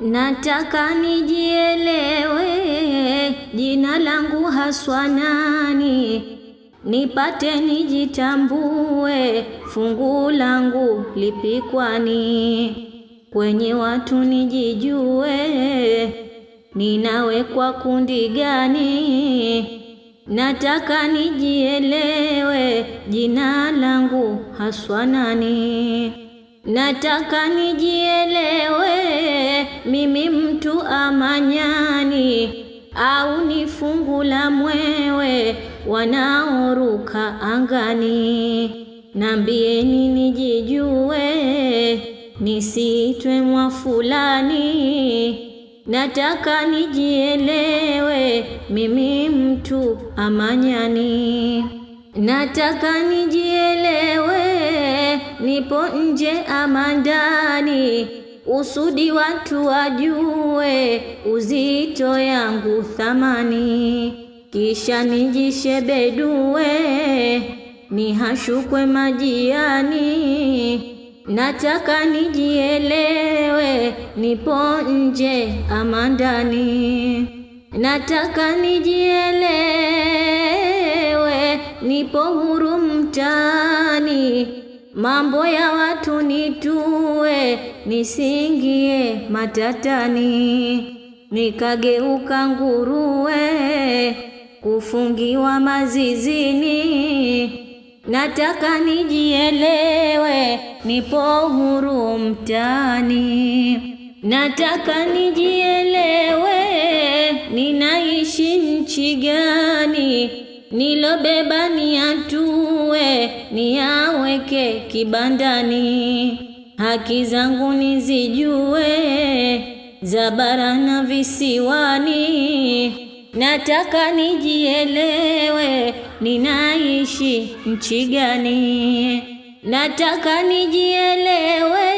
Nataka nijielewe, jina langu haswa nani, nipate nijitambue, fungu langu lipikwani, kwenye watu nijijue, ninawekwa kundi gani? Nataka nijielewe, jina langu haswa nani, nataka nijielewe mimi mtu amanyani au ni fungu la mwewe wanaoruka angani, nambieni nijijue, nisitwe mwa fulani, nataka nijielewe, mimi mtu amanyani, nataka nijielewe, nipo nje ama ndani usudi watu wajue uzito yangu thamani, kisha nijishebedue nihashukwe majiani. Nataka nijielewe, nipo nje ama ndani. Nataka nijielewe, nipo huru mtaani Mambo ya watu nitue, nisingie matatani, nikageuka nguruwe kufungiwa mazizini. Nataka nijielewe, nipo huru mtani Nataka nijielewe, ninaishi nchi gani? Nilobeba niatue, nia niweke kibandani, haki zangu nizijue, za bara na visiwani. Nataka nijielewe, ninaishi nchi gani? Nataka nijielewe,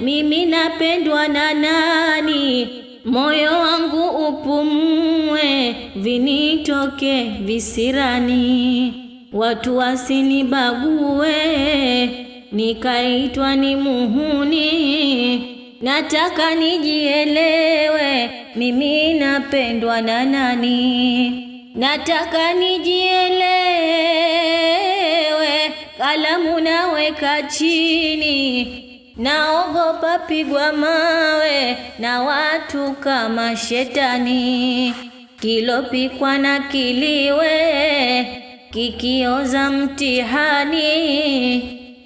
mimi napendwa na nani? Moyo wangu upumue, vinitoke visirani watu wasinibague, nikaitwa ni muhuni. Nataka nijielewe, mimi napendwa na nani? Nataka nijielewe, kalamu naweka chini naogopa pigwa mawe na watu kama shetani, kilopikwa na kiliwe kikioza mtihani,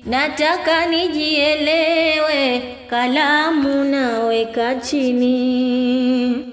nataka nijielewe, kalamu naweka chini.